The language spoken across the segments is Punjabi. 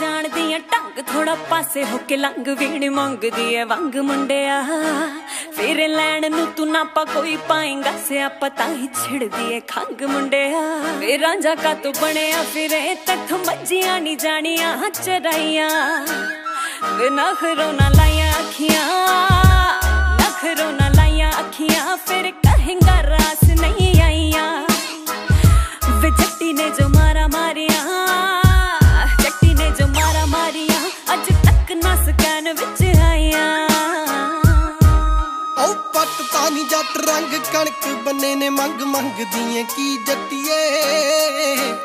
ਜਾਣਦੀ ਟੰਗ ਥੋੜਾ ਪਾਸੇ ਹੋ ਕੇ ਲੰਗ ਵੀਣ ਮੰਗਦੀ ਐ ਵੰਗ ਮੁੰਡਿਆ ਫਿਰ ਲੈਣ ਨੂੰ ਤੂੰ ਨਾ ਪਾ ਕੋਈ ਪਾਏਗਾ ਸਿਆ ਤਾਂ ਹੀ ਛਿੜਦੀ ਐ ਖੰਗ ਮੁੰਡਿਆ ਵੇ ਰਾਂਝਾ ਕਾ ਤੂੰ ਬਣਿਆ ਫਿਰੇ ਤੱਥ ਮੱਝੀਆਂ ਨਹੀਂ ਜਾਣੀਆਂ ਚਰਾਈਆਂ ਵੇ ਨਖਰੋ ਨਾ ਲਾਈਆਂ ਅੱਖੀਆਂ ਨਖਰੋ ਨਾ ਲਾਈਆਂ ਅੱਖੀਆਂ ਫਿਰ ਰੰਗ ਕਣਕ ਬੰਨੇ ਨੇ ਮੰਗ ਮੰਗਦੀਆਂ ਕੀ ਜੱਟੀਏ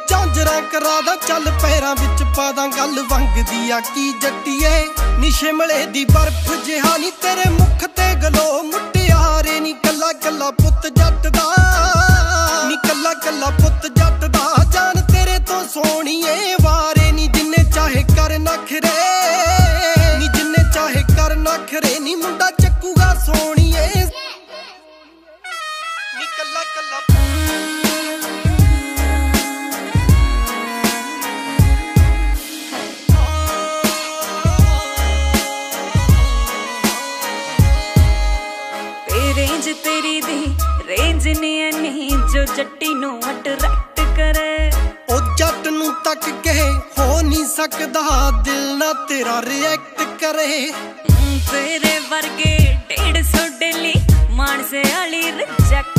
ਚਾਂਜਰਾ ਕਰਾਦਾ ਚੱਲ ਪੈਰਾਂ ਵਿੱਚ ਪਾਦਾ ਗੱਲ ਵੰਗਦੀ ਆ ਕੀ ਜੱਟੀਏ ਮਲੇ ਦੀ ਬਰਫ਼ ਜਿਹਾ ਨਹੀਂ ਤੇਰੇ ਮੁਖ ਤੇ ਗਲੋ ਮੁਟਿਆਰੇ ਨਹੀਂ ਕੱਲਾ ਕੱਲਾ ਪੁੱਤ ਜੱਟ ਦਾ ਨਹੀਂ ਕੱਲਾ ਕੱਲਾ ਪੁੱਤ ਜੱਟ ਦਾ ਜਾਨ ਤੇਰੇ ਤੋਂ ਸੋਹਣੀਏ ਨਿਕੱਲਾ ਕੱਲਾ ਰੇਂਜ ਤੇਰੀ ਦੀ ਰੇਂਜ ਨਹੀਂ ਜੋ ਜੱਟੀ ਨੂੰ ਅਟਰੈਕਟ ਕਰੇ ਉਹ ਜੱਟ ਨੂੰ ਤੱਕ ਕੇ ਹੋ ਨਹੀਂ ਸਕਦਾ ਦਿਲ ਨਾ ਤੇਰਾ ਰਿਐਕਟ ਕਰੇ ਤੇਰੇ ਵਰਗੇ 150 ਡੇਲੀ ਮਾਨਸੇ ਵਾਲੀ ਰਿਜੈਕਟ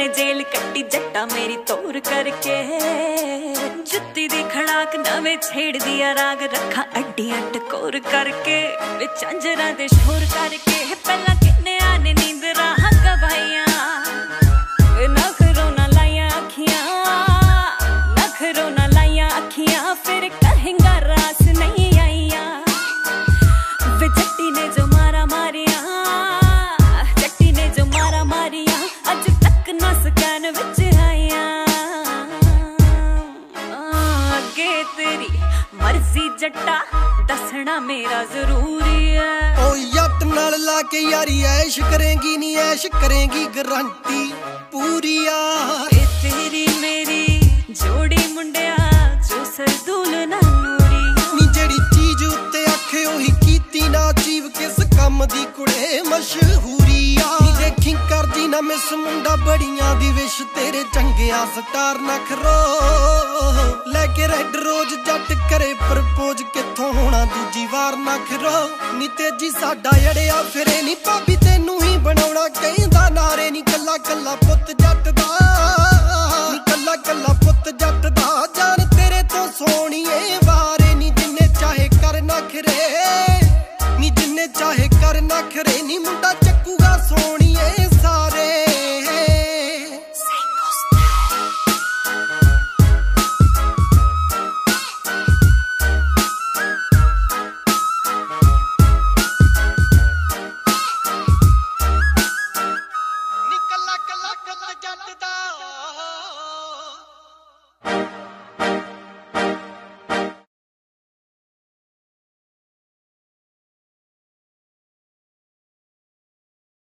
ਨੇ ਜੇਲ ਕੱਟੀ ਜੱਟਾ ਮੇਰੀ ਤੋਰ ਕਰਕੇ ਜੁੱਤੀ ਦੀ ਖੜਾਕ ਨਵੇਂ ਛੇੜਦੀ ਆ ਰਾਗ ਰੱਖਾ ਅੱਡੀਆਂ ਟਕੋਰ ਕਰਕੇ ਵਿੱਚ ਅੰਜਰਾਂ ਦੇ ਸ਼ੋਰ ਕਰਕੇ ਪਹਿਲਾਂ ਕਿੰਨੇ ਆਨੇ ਨੀਂਦ ਰਾਹ ਗਵਾਈਆਂ ਨਖਰੋਂ ਨਾ ਲਾਈਆਂ ਅੱਖੀਆਂ ਨਖਰੋਂ ਨਾ ਲਾਈਆਂ ਅੱਖੀਆਂ ਫਿਰ ਕਹੇਂਗਾ ਤੇਰੀ ਮਰਜ਼ੀ ਜੱਟਾ ਦੱਸਣਾ ਮੇਰਾ ਜ਼ਰੂਰੀ ਐ ਓ ਯਤ ਨਾਲ ਲਾ ਕੇ ਯਾਰੀ ਐਸ਼ ਕਰੇਗੀ ਨਹੀਂ ਐਸ਼ ਕਰੇਗੀ ਗਰੰਟੀ ਪੂਰੀ ਆ ਤੇਰੀ ਮੇਰੀ ਜੋੜੀ ਮੁੰਡੇ ਦੱਸ ਮੁੰਡਾ ਬੜੀਆਂ ਦੀ ਵਿਸ਼ ਤੇਰੇ ਚੰਗਿਆ ਸਟਾਰ ਨਖਰੋ ਲੈ ਕੇ ਰੈੱਡ ਰੋਜ਼ ਜੱਟ ਕਰੇ ਪ੍ਰਪੋਜ਼ ਕਿੱਥੋਂ ਹੋਣਾ ਦੂਜੀ ਵਾਰ ਨਖਰੋ ਨੀ ਤੇਜੀ ਸਾਡਾ ਅੜਿਆ ਫਿਰੇ ਨਹੀਂ ਭਾਬੀ ਤੈਨੂੰ ਹੀ ਬਣਾਉਣਾ ਕਹਿੰਦਾ ਨਾਰੇ ਨਹੀਂ ਕੱਲਾ ਕੱਲਾ ਪੁੱਤ ਜੱਟ ਦਾ